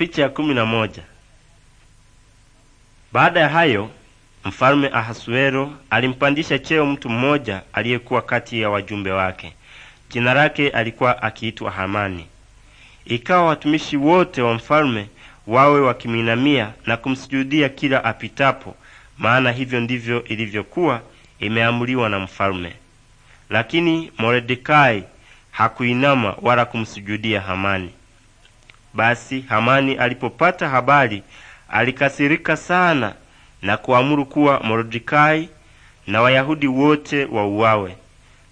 Picha ya kumi na moja. Baada ya hayo mfalme Ahasuero alimpandisha cheo mtu mmoja aliyekuwa kati ya wajumbe wake. Jina lake alikuwa akiitwa Hamani. Ikawa watumishi wote wa mfalme wawe wakimwinamia na kumsujudia kila apitapo, maana hivyo ndivyo ilivyokuwa imeamuliwa na mfalme. Lakini Mordekai hakuinama wala kumsujudia Hamani. Basi Hamani alipopata habari alikasirika sana na kuamuru kuwa Mordekai na Wayahudi wote wauawe.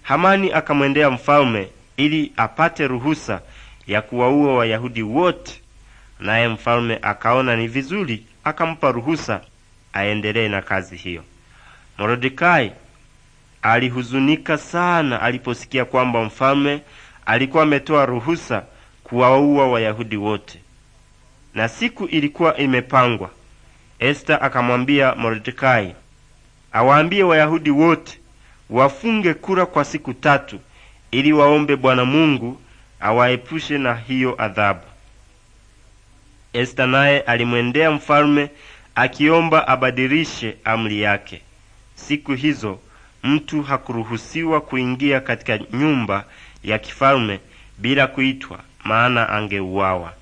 Hamani akamwendea mfalme ili apate ruhusa ya kuwaua Wayahudi wote, naye mfalme akaona ni vizuri, akampa ruhusa aendelee na kazi hiyo. Mordekai alihuzunika sana aliposikia kwamba mfalme alikuwa ametoa ruhusa kuwaua Wayahudi wote. Na siku ilikuwa imepangwa, Esta akamwambia Mordekai awaambie Wayahudi wote wafunge kura kwa siku tatu ili waombe Bwana Mungu awaepushe na hiyo adhabu. Esta naye alimwendea mfalme akiomba abadilishe amri yake. Siku hizo mtu hakuruhusiwa kuingia katika nyumba ya kifalme bila kuitwa, maana angeuawa,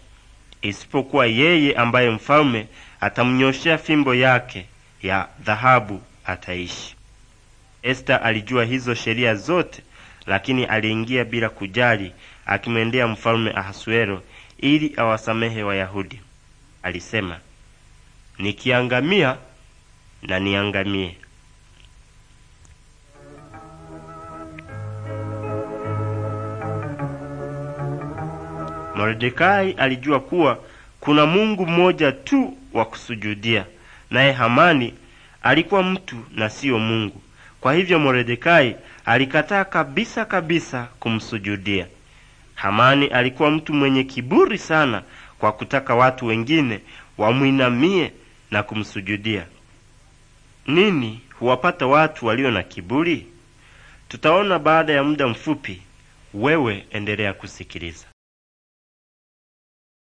isipokuwa yeye ambaye mfalme atamnyoshea fimbo yake ya dhahabu ataishi. Esta alijua hizo sheria zote, lakini aliingia bila kujali, akimwendea mfalme Ahasuero ili awasamehe Wayahudi. Alisema, nikiangamia na niangamie, Mordekai alijua kuwa kuna Mungu mmoja tu wa kusujudia, naye Hamani alikuwa mtu na siyo Mungu. Kwa hivyo Mordekai alikataa kabisa kabisa kumsujudia. Hamani alikuwa mtu mwenye kiburi sana kwa kutaka watu wengine wamwinamie na kumsujudia. Nini huwapata watu walio na kiburi? Tutaona baada ya muda mfupi. Wewe endelea kusikiliza.